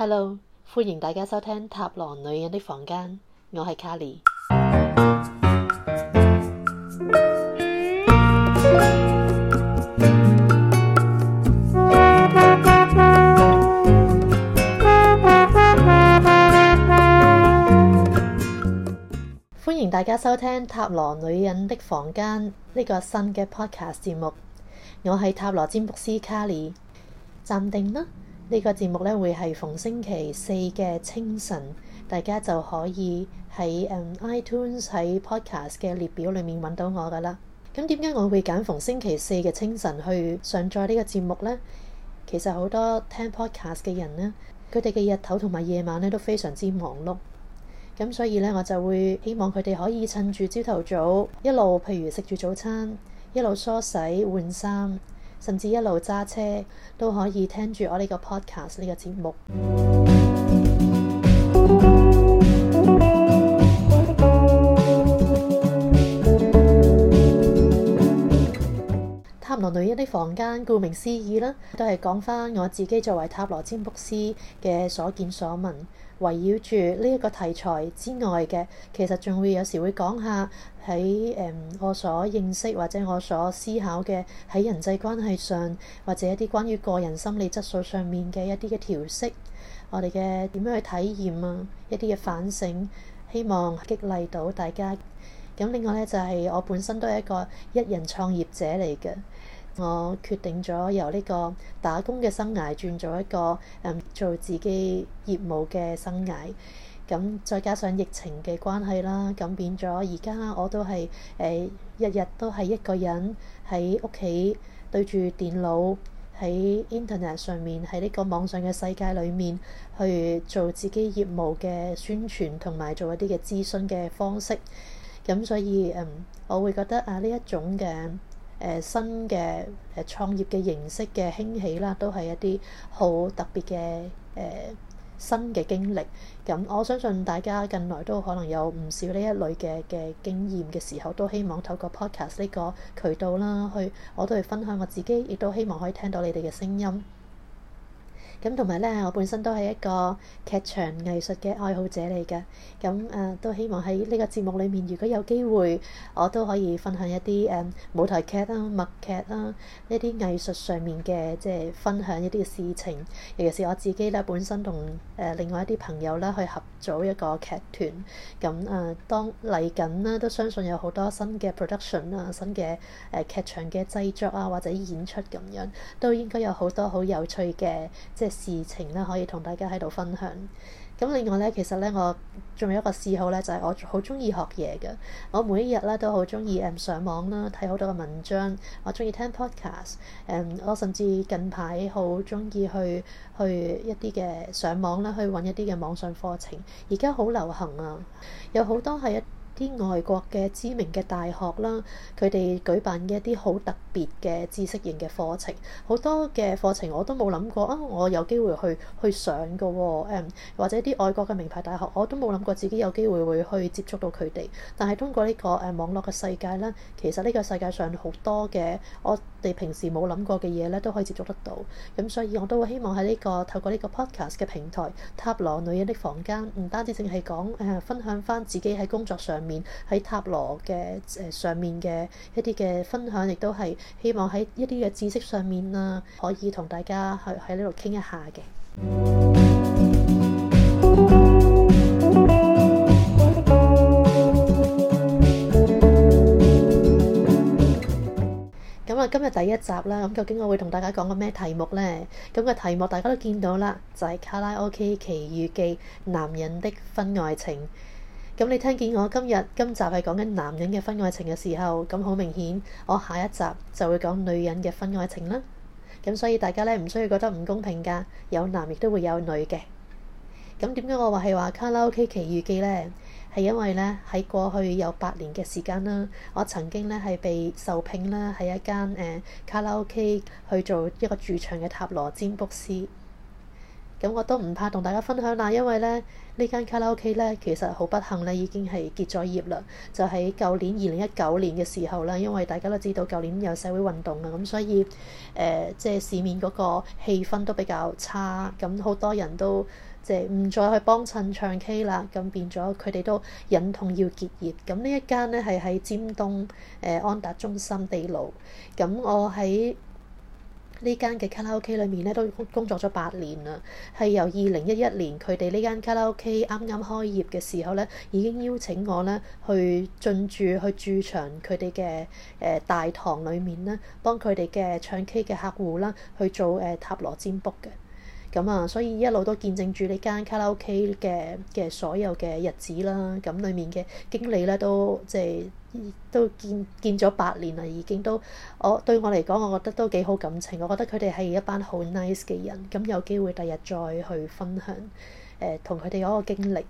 Hello，歡迎大家收聽塔羅女人的房間，我係 Carrie。歡迎大家收聽塔羅女人的房間呢個新嘅 podcast 節目，我係塔羅占卜師 Carrie。暫定啦。呢個節目咧會係逢星期四嘅清晨，大家就可以喺、um, iTunes 喺 Podcast 嘅列表裡面揾到我噶啦。咁點解我會揀逢星期四嘅清晨去上載呢個節目呢？其實好多聽 Podcast 嘅人呢，佢哋嘅日頭同埋夜晚咧都非常之忙碌，咁、嗯、所以咧我就會希望佢哋可以趁住朝頭早，一路譬如食住早餐，一路梳洗換衫。換甚至一路揸車都可以聽住我呢個 podcast 呢個節目。塔羅女人的房間，顧名思義啦，都係講返我自己作為塔羅占卜師嘅所見所聞。圍繞住呢一個題材之外嘅，其實仲會有時會講下喺誒、嗯、我所認識或者我所思考嘅喺人際關係上，或者一啲關於個人心理質素上面嘅一啲嘅調適，我哋嘅點樣去體驗啊，一啲嘅反省，希望激勵到大家。咁另外咧就係、是、我本身都係一個一人創業者嚟嘅。我決定咗由呢個打工嘅生涯轉咗一個誒做自己業務嘅生涯，咁再加上疫情嘅關係啦，咁變咗而家我都係誒日日都係一個人喺屋企對住電腦喺 Internet 上面喺呢個網上嘅世界裏面去做自己業務嘅宣傳同埋做一啲嘅諮詢嘅方式，咁所以誒、嗯，我會覺得啊，呢一種嘅。誒新嘅誒創業嘅形式嘅興起啦，都係一啲好特別嘅誒、呃、新嘅經歷。咁我相信大家近來都可能有唔少呢一類嘅嘅經驗嘅時候，都希望透過 Podcast 呢個渠道啦，去我都去分享我自己，亦都希望可以聽到你哋嘅聲音。咁同埋咧，我本身都係一個劇場藝術嘅愛好者嚟嘅，咁、嗯、誒都希望喺呢個節目裏面，如果有機會，我都可以分享一啲誒、嗯、舞台劇啦，默劇啦呢啲藝術上面嘅，即、就、係、是、分享一啲事情。尤其是我自己咧，本身同誒、呃、另外一啲朋友咧去合組一個劇團，咁、嗯、誒、嗯、當嚟緊咧都相信有好多新嘅 production 新、呃、啊、新嘅誒劇場嘅製作啊或者演出咁樣，都應該有好多好有趣嘅即係。就是事情咧可以同大家喺度分享。咁另外咧，其實咧我仲有一個嗜好咧，就係我好中意學嘢嘅。我每一日咧都好中意誒上網啦，睇好多嘅文章。我中意聽 podcast，嗯。我甚至近排好中意去去一啲嘅上網啦，去揾一啲嘅網上課程。而家好流行啊，有好多係一啲外國嘅知名嘅大學啦，佢哋舉辦嘅一啲好特別嘅知識型嘅課程，好多嘅課程我都冇諗過啊！我有機會去去上噶誒，或者啲外國嘅名牌大學我都冇諗過自己有機會會去接觸到佢哋。但係通過呢個誒網絡嘅世界啦，其實呢個世界上好多嘅我哋平時冇諗過嘅嘢咧，都可以接觸得到。咁所以我都會希望喺呢個透過呢個 podcast 嘅平台《塔羅女人的房間》唔單止淨係講誒分享翻自己喺工作上面。面喺塔羅嘅、呃、上面嘅一啲嘅分享，亦都係希望喺一啲嘅知識上面啦、啊，可以同大家去喺呢度傾一下嘅。咁啊、嗯，今日第一集啦，咁、嗯、究竟我會同大家講個咩題目呢？咁、嗯、嘅、這個、題目大家都見到啦，就係卡拉 OK 奇遇記：男人的婚外情。咁你聽見我今日今集係講緊男人嘅婚外情嘅時候，咁好明顯，我下一集就會講女人嘅婚外情啦。咁所以大家咧唔需要覺得唔公平噶，有男亦都會有女嘅。咁點解我話係話卡拉 OK 奇遇記咧？係因為咧喺過去有八年嘅時間啦，我曾經咧係被受聘啦喺一間誒、呃、卡拉 OK 去做一個駐場嘅塔羅占卜，卜師。咁我都唔怕同大家分享啦，因為咧呢間卡拉 OK 咧其實好不幸咧已經係結咗業啦。就喺舊年二零一九年嘅時候啦，因為大家都知道舊年有社會運動啊，咁所以誒即係市面嗰個氣氛都比較差，咁好多人都即係唔再去幫襯唱 K 啦，咁變咗佢哋都忍痛要結業。咁呢一間咧係喺尖東誒安達中心地牢，咁我喺呢間嘅卡拉 OK 裏面咧都工作咗八年啦，係由二零一一年佢哋呢間卡拉 OK 啱啱開業嘅時候咧，已經邀請我咧去進駐去駐場佢哋嘅誒大堂裏面咧，幫佢哋嘅唱 K 嘅客戶啦去做誒、呃、塔羅占卜嘅。咁啊，所以一路都見證住呢間卡拉 OK 嘅嘅所有嘅日子啦。咁裏面嘅經理咧都即、就、係、是。都見見咗八年啦，已經都我對我嚟講，我覺得都幾好感情。我覺得佢哋係一班好 nice 嘅人。咁有機會第日再去分享誒，同佢哋嗰個經歷。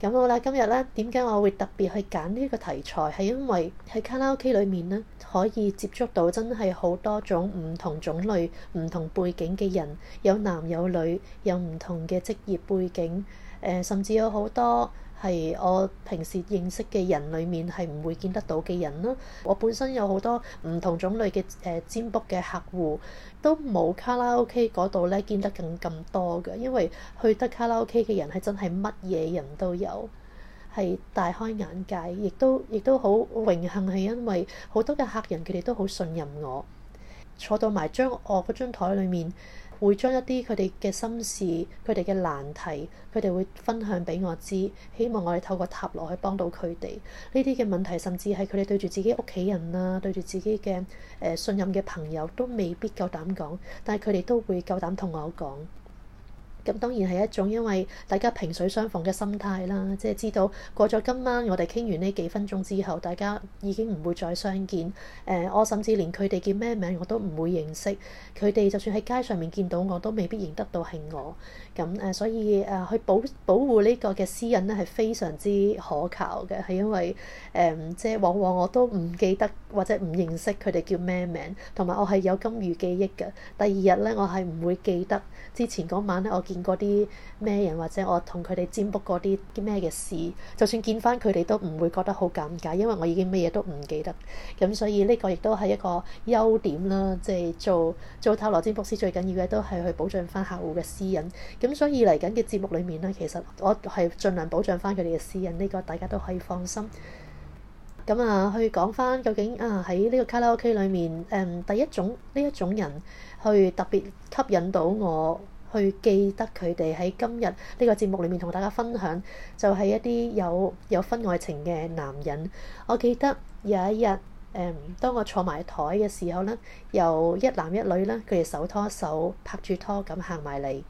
咁好啦，今日咧點解我會特別去揀呢個題材？係因為喺卡拉 OK 裏面呢，可以接觸到真係好多種唔同種類、唔同背景嘅人，有男有女，有唔同嘅職業背景，誒、呃，甚至有好多。係我平時認識嘅人裡面係唔會見得到嘅人咯。我本身有好多唔同種類嘅誒占卜嘅客戶，都冇卡拉 OK 嗰度咧見得咁咁多嘅。因為去得卡拉 OK 嘅人係真係乜嘢人都有，係大開眼界，亦都亦都好榮幸，係因為好多嘅客人佢哋都好信任我。坐到埋，張我嗰張台裏面會將一啲佢哋嘅心事、佢哋嘅難題，佢哋會分享俾我知，希望我哋透過塔羅去幫到佢哋呢啲嘅問題，甚至係佢哋對住自己屋企人啊，對住自己嘅誒信任嘅朋友都未必夠膽講，但係佢哋都會夠膽同我講。咁當然係一種因為大家萍水相逢嘅心態啦，即係知道過咗今晚我哋傾完呢幾分鐘之後，大家已經唔會再相見。誒，我甚至連佢哋叫咩名我都唔會認識。佢哋就算喺街上面見到我都未必認得到係我。咁誒，所以誒去保保護呢個嘅私隱咧係非常之可靠嘅，係因為誒即係往往我都唔記得或者唔認識佢哋叫咩名，同埋我係有金魚記憶嘅。第二日咧我係唔會記得之前嗰晚咧我見過啲咩人，或者我同佢哋占卜過啲啲咩嘅事，就算見翻佢哋都唔會覺得好尷尬，因為我已經咩嘢都唔記得。咁所以呢個亦都係一個優點啦。即係做做塔羅占卜師最緊要嘅都係去保障翻客戶嘅私隱。咁所以嚟緊嘅節目裡面呢，其實我係盡量保障翻佢哋嘅私隱，呢個大家都可以放心。咁啊，去講翻究竟啊喺呢個卡拉 OK 裏面，誒第一種呢一種人去特別吸引到我。去記得佢哋喺今日呢個節目裏面同大家分享，就係一啲有有婚外情嘅男人。我記得有一日，誒，當我坐埋喺台嘅時候呢，有一男一女呢，佢哋手拖手拍住拖咁行埋嚟。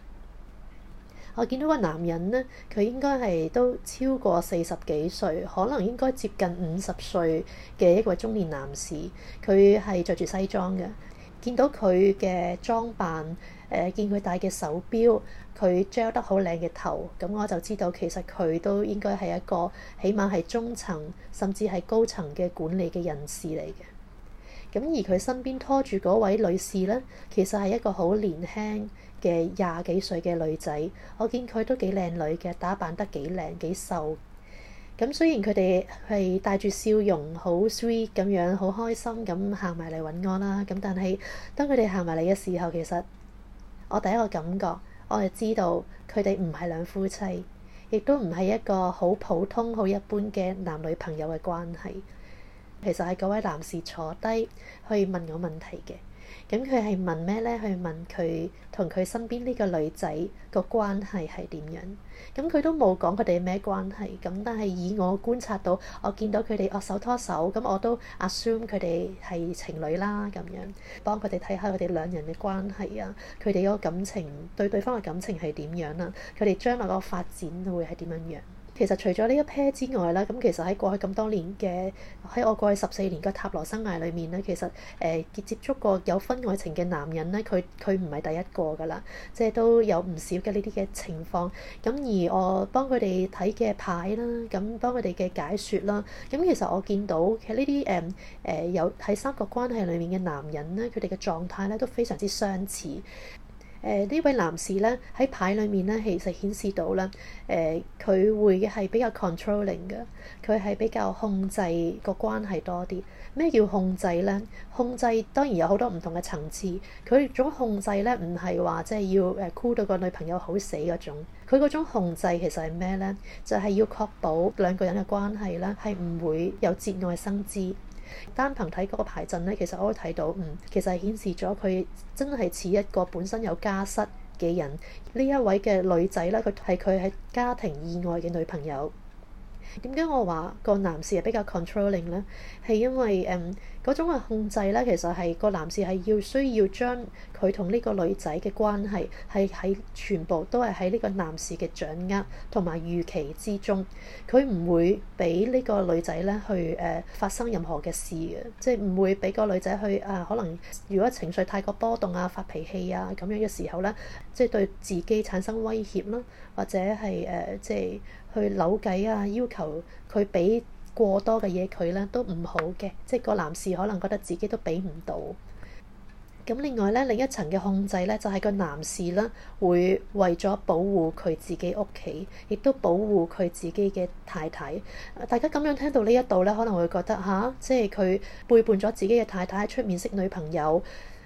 我見到個男人呢，佢應該係都超過四十幾歲，可能應該接近五十歲嘅一個中年男士，佢係着住西裝嘅。見到佢嘅裝扮。誒，見佢戴嘅手錶，佢裝得好靚嘅頭，咁我就知道其實佢都應該係一個起碼係中層，甚至係高層嘅管理嘅人士嚟嘅。咁而佢身邊拖住嗰位女士呢，其實係一個好年輕嘅廿幾歲嘅女仔。我見佢都幾靚女嘅，打扮得幾靚幾瘦。咁雖然佢哋係帶住笑容，好 sweet 咁樣，好開心咁行埋嚟揾我啦。咁但係當佢哋行埋嚟嘅時候，其實我第一個感覺，我就知道佢哋唔係兩夫妻，亦都唔係一個好普通、好一般嘅男女朋友嘅關係。其實係嗰位男士坐低去問我問題嘅。咁佢係問咩呢？去問佢同佢身邊呢個女仔個關係係點樣？咁佢都冇講佢哋咩關係。咁但係以我觀察到，我見到佢哋握手拖手咁，我都 assume 佢哋係情侶啦。咁樣幫佢哋睇下佢哋兩人嘅關係啊，佢哋個感情對對方嘅感情係點樣啦？佢哋將來個發展會係點樣？其實除咗呢一 pair 之外啦，咁其實喺過去咁多年嘅喺我過去十四年嘅塔羅生涯裏面咧，其實誒接觸過有婚外情嘅男人咧，佢佢唔係第一個㗎啦，即係都有唔少嘅呢啲嘅情況。咁而我幫佢哋睇嘅牌啦，咁幫佢哋嘅解説啦，咁其實我見到其實呢啲誒誒有喺三角關係裏面嘅男人咧，佢哋嘅狀態咧都非常之相似。誒呢位男士咧喺牌裏面咧，其實顯示到啦，誒、呃、佢會係比較 controlling 嘅，佢係比較控制個關係多啲。咩叫控制咧？控制當然有好多唔同嘅層次。佢種控制咧，唔係話即係要箍到個女朋友好死嗰種。佢嗰種控制其實係咩咧？就係、是、要確保兩個人嘅關係咧，係唔會有節外生枝。單憑睇嗰個牌陣咧，其實我都睇到，嗯，其實係顯示咗佢真係似一個本身有家室嘅人呢，一位嘅女仔啦，佢係佢喺家庭以外嘅女朋友。點解我話、嗯、個,個男士係比較 controlling 咧？係因為誒嗰種嘅控制咧，其實係個男士係要需要將佢同呢個女仔嘅關係係喺全部都係喺呢個男士嘅掌握同埋預期之中，佢唔會俾呢個女仔咧去誒、呃、發生任何嘅事嘅，即係唔會俾個女仔去啊、呃、可能如果情緒太過波動啊、發脾氣啊咁樣嘅時候咧，即、就、係、是、對自己產生威脅啦，或者係誒即係。呃就是去扭計啊！要求佢俾過多嘅嘢佢咧，都唔好嘅。即係個男士可能覺得自己都俾唔到。咁另外咧，另一層嘅控制咧，就係個男士啦，會為咗保護佢自己屋企，亦都保護佢自己嘅太太。大家咁樣聽到呢一度咧，可能會覺得吓，即係佢背叛咗自己嘅太太，出面識女朋友。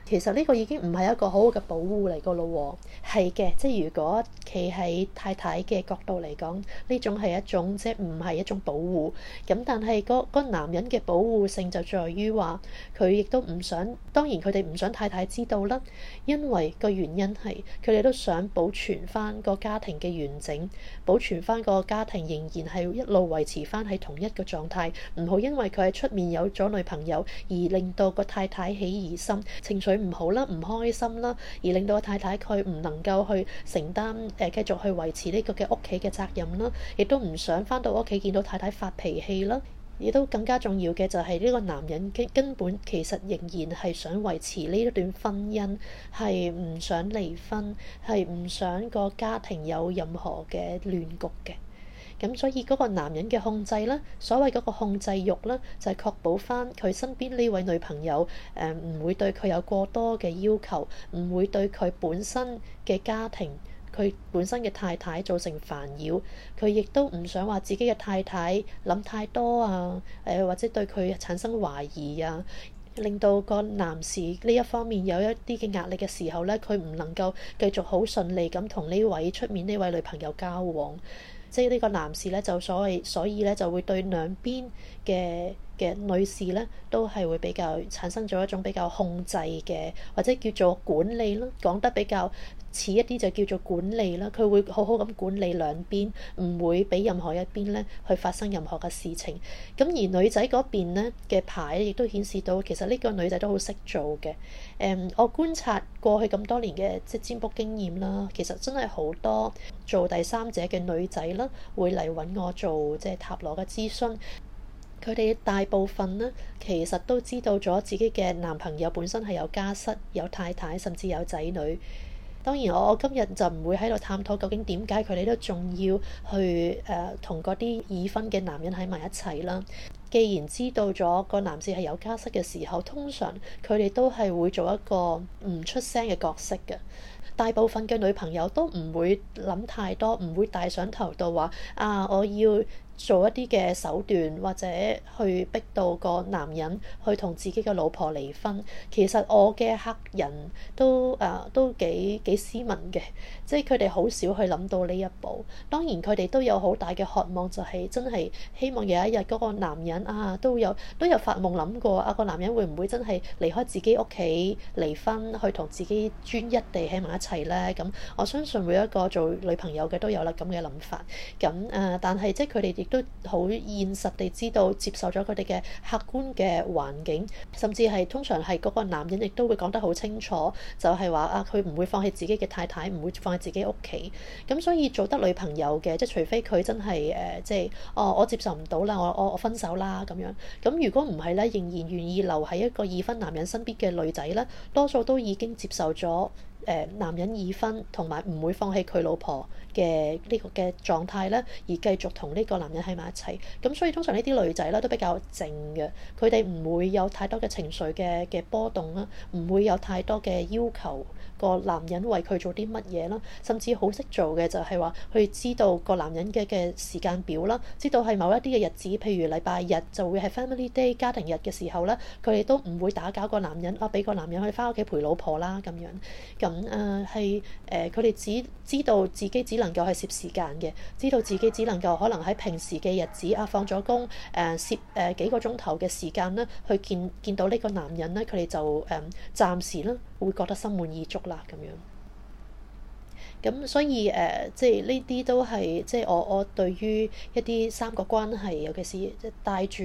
其實呢個已經唔係一個好好嘅保護嚟個咯喎，係嘅，即係如果企喺太太嘅角度嚟講，呢種係一種即係唔係一種保護。咁但係個男人嘅保護性就在於話，佢亦都唔想，當然佢哋唔想太太知道啦，因為個原因係佢哋都想保存翻個家庭嘅完整，保存翻個家庭仍然係一路維持翻喺同一個狀態，唔好因為佢喺出面有咗女朋友而令到個太太起疑心，情緒。佢唔好啦，唔開心啦，而令到個太太佢唔能夠去承擔誒，繼續去維持呢個嘅屋企嘅責任啦，亦都唔想翻到屋企見到太太發脾氣啦，亦都更加重要嘅就係呢個男人根根本其實仍然係想維持呢一段婚姻，係唔想離婚，係唔想個家庭有任何嘅亂局嘅。咁所以嗰個男人嘅控制咧，所謂嗰個控制欲咧，就係確保翻佢身邊呢位女朋友誒唔會對佢有過多嘅要求，唔會對佢本身嘅家庭、佢本身嘅太太造成煩擾，佢亦都唔想話自己嘅太太諗太多啊，誒或者對佢產生懷疑啊，令到個男士呢一方面有一啲嘅壓力嘅時候咧，佢唔能夠繼續好順利咁同呢位出面呢位女朋友交往。即係呢個男士咧，就所謂所以咧，就會對兩邊嘅嘅女士咧，都係會比較產生咗一種比較控制嘅，或者叫做管理咯，講得比較。似一啲就叫做管理啦，佢會好好咁管理兩邊，唔會俾任何一邊咧去發生任何嘅事情。咁而女仔嗰邊咧嘅牌亦都顯示到，其實呢個女仔都好識做嘅。誒、um，我觀察過去咁多年嘅即占卜經驗啦，其實真係好多做第三者嘅女仔啦，會嚟揾我做即係塔羅嘅諮詢。佢哋大部分呢其實都知道咗自己嘅男朋友本身係有家室、有太太，甚至有仔女。當然，我今日就唔會喺度探討究竟點解佢哋都仲要去誒同嗰啲已婚嘅男人喺埋一齊啦。既然知道咗個男士係有家室嘅時候，通常佢哋都係會做一個唔出聲嘅角色嘅。大部分嘅女朋友都唔會諗太多，唔會帶上頭到話啊，我要做一啲嘅手段或者去逼到個男人去同自己嘅老婆離婚。其實我嘅客人都啊都幾幾斯文嘅，即係佢哋好少去諗到呢一步。當然佢哋都有好大嘅渴望，就是，就係真係希望有一日嗰個男人。啊，都有都有發夢諗過啊，個男人會唔會真係離開自己屋企離婚，去同自己專一地喺埋一齊呢？咁、嗯、我相信每一個做女朋友嘅都有啦咁嘅諗法。咁、嗯、誒，但係即係佢哋亦都好現實地知道接受咗佢哋嘅客觀嘅環境，甚至係通常係嗰個男人亦都會講得好清楚，就係、是、話啊，佢唔會放棄自己嘅太太，唔會放棄自己屋企。咁、嗯、所以做得女朋友嘅，即係除非佢真係誒、呃，即係哦，我接受唔到啦，我我我分手啦。啊，咁樣咁，如果唔係咧，仍然願意留喺一個已婚男人身邊嘅女仔咧，多數都已經接受咗。男人已婚同埋唔會放棄佢老婆嘅呢個嘅狀態呢，而繼續同呢個男人喺埋一齊。咁所以通常呢啲女仔呢都比較靜嘅，佢哋唔會有太多嘅情緒嘅嘅波動啦，唔會有太多嘅要求個男人為佢做啲乜嘢啦。甚至好識做嘅就係話，去知道個男人嘅嘅時間表啦，知道係某一啲嘅日子，譬如禮拜日就會係 family day 家庭日嘅時候呢，佢哋都唔會打攪個男人啊，俾個男人去翻屋企陪老婆啦咁樣。咁嗯，誒係誒，佢哋只知道自己只能夠係攝時間嘅，知道自己只能夠可能喺平時嘅日子啊，放咗工誒攝誒幾個鐘頭嘅時間咧，去見見到呢個男人咧，佢哋就誒、嗯、暫時咧會覺得心滿意足啦咁樣。咁所以誒，即係呢啲都係即係我我對於一啲三角關係，尤其是即係帶住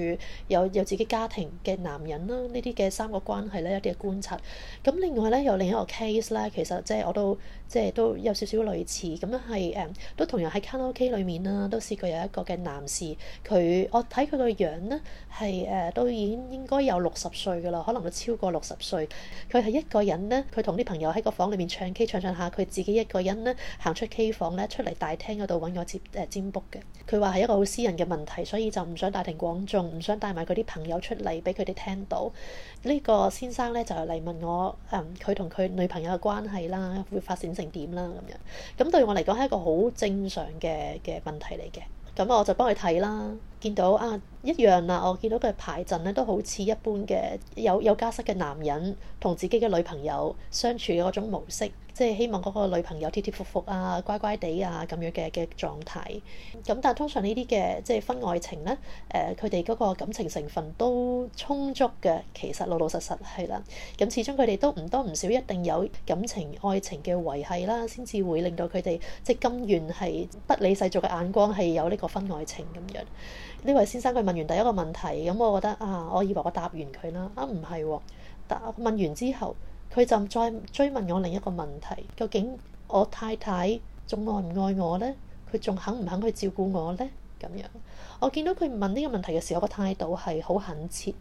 有有自己家庭嘅男人啦，呢啲嘅三角關係咧一啲嘅觀察。咁另外咧，有另一個 case 啦，其實即係我都即係都有少少類似咁樣，係誒都同樣喺卡拉 OK 裏面啦，都試過有一個嘅男士，佢我睇佢個樣咧係誒都已經應該有六十歲噶啦，可能都超過六十歲，佢係一個人咧，佢同啲朋友喺個房裏面唱 K 唱唱下，佢自己一個人咧，行出 K 房咧，出嚟大廳嗰度揾我接誒、啊、占卜嘅。佢話係一個好私人嘅問題，所以就唔想大庭廣眾，唔想帶埋佢啲朋友出嚟俾佢哋聽到。呢、這個先生咧就嚟問我，嗯，佢同佢女朋友嘅關係啦，會發展成點啦咁樣。咁對我嚟講係一個好正常嘅嘅問題嚟嘅。咁我就幫佢睇啦。見到啊一樣啦！我見到佢排陣咧，都好似一般嘅有有家室嘅男人同自己嘅女朋友相處嘅嗰種模式，即係希望嗰個女朋友貼貼服服啊、乖乖地啊咁樣嘅嘅狀態。咁但係通常呢啲嘅即係婚外情呢，誒佢哋嗰個感情成分都充足嘅，其實老老實實係啦。咁始終佢哋都唔多唔少一定有感情愛情嘅維繫啦，先至會令到佢哋即係甘願係不理世俗嘅眼光，係有呢個婚外情咁樣。呢位先生佢問完第一個問題，咁我覺得啊，我以為我答完佢啦，啊唔係喎，答、啊、問完之後，佢就再追問我另一個問題，究竟我太太仲愛唔愛我呢？佢仲肯唔肯去照顧我呢？咁樣，我見到佢問呢個問題嘅時候，我個態度係好懇切。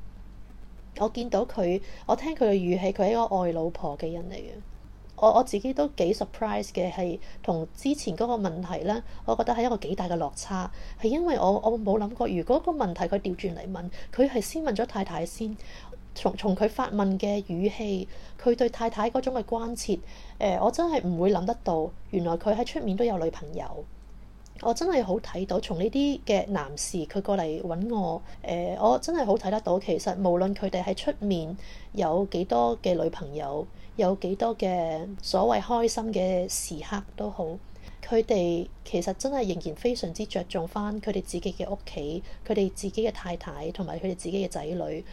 我見到佢，我聽佢嘅語氣，佢係一個愛老婆嘅人嚟嘅。我我自己都幾 surprise 嘅係同之前嗰個問題咧，我覺得係一個幾大嘅落差，係因為我我冇諗過，如果個問題佢調轉嚟問，佢係先問咗太太先，從從佢發問嘅語氣，佢對太太嗰種嘅關切，誒、呃、我真係唔會諗得到，原來佢喺出面都有女朋友，我真係好睇到，從呢啲嘅男士佢過嚟揾我，誒、呃、我真係好睇得到，其實無論佢哋喺出面有幾多嘅女朋友，有幾多嘅所謂開心嘅時刻都好，佢哋其實真係仍然非常之着重翻佢哋自己嘅屋企，佢哋自己嘅太太同埋佢哋自己嘅仔女，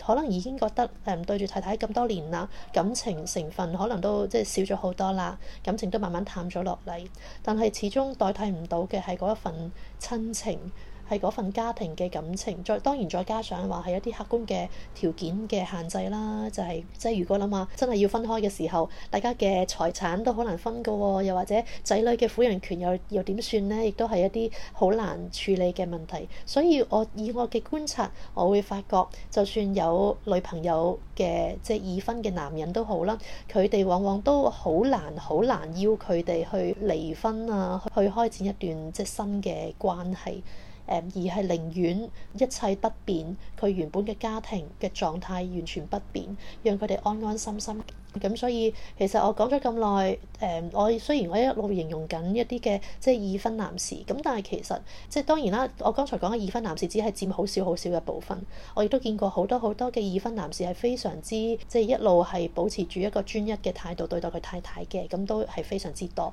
可能已經覺得誒、對住太太咁多年啦，感情成分可能都即係少咗好多啦，感情都慢慢淡咗落嚟，但係始終代替唔到嘅係嗰一份親情。係嗰份家庭嘅感情，再當然再加上話係一啲客觀嘅條件嘅限制啦。就係，即係如果諗下真係要分開嘅時候，大家嘅財產都好難分嘅喎。又或者仔女嘅撫養權又又點算呢？亦都係一啲好難處理嘅問題。所以我以我嘅觀察，我會發覺，就算有女朋友嘅即係已婚嘅男人都好啦，佢哋往往都好難好難要佢哋去離婚啊，去開展一段即係新嘅關係。誒，而係寧願一切不變，佢原本嘅家庭嘅狀態完全不變，讓佢哋安安心心。咁所以其實我講咗咁耐，誒，我雖然我一路形容緊一啲嘅即係二婚男士，咁但係其實即係當然啦，我剛才講嘅二婚男士只係佔好少好少嘅部分。我亦都見過好多好多嘅二婚男士係非常之即係、就是、一路係保持住一個專一嘅態度對待佢太太嘅，咁都係非常之多。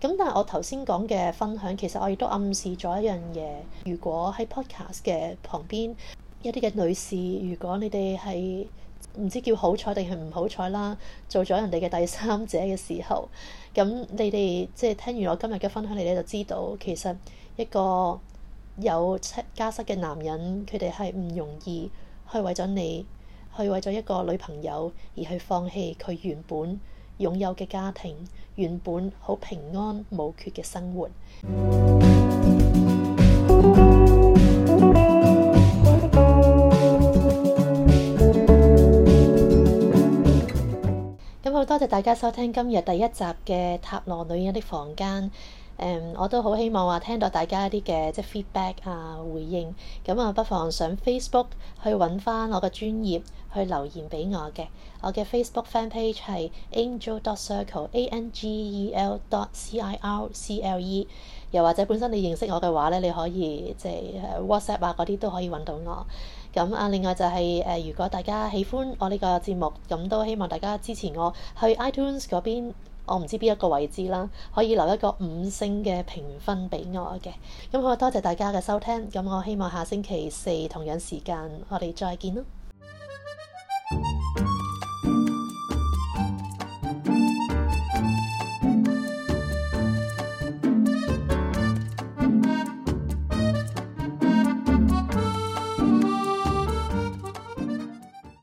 咁但係我頭先講嘅分享，其實我亦都暗示咗一樣嘢。如果喺 podcast 嘅旁邊一啲嘅女士，如果你哋係唔知叫好彩定係唔好彩啦，做咗人哋嘅第三者嘅時候，咁你哋即係聽完我今日嘅分享，你哋就知道其實一個有家室嘅男人，佢哋係唔容易去為咗你，去為咗一個女朋友而去放棄佢原本擁有嘅家庭原本好平安，無缺嘅生活。咁 好多謝大家收聽今日第一集嘅《塔羅女人的房間》。Um, 我都好希望話、啊、聽到大家一啲嘅即係 feedback 啊，回應咁啊，不妨上 Facebook 去揾翻我個專頁去留言俾我嘅。我嘅 Facebook fan page 係 angel dot circle a n g e l dot c i r c l e。L. I r c、l e, 又或者本身你認識我嘅話咧，你可以即係、uh, WhatsApp 啊嗰啲都可以揾到我。咁啊，另外就係、是、誒、啊，如果大家喜歡我呢個節目，咁都希望大家支持我去 iTunes 嗰邊。我唔知邊一個位置啦，可以留一個五星嘅評分畀我嘅。咁好多謝大家嘅收聽。咁我希望下星期四同樣時間，我哋再見啦。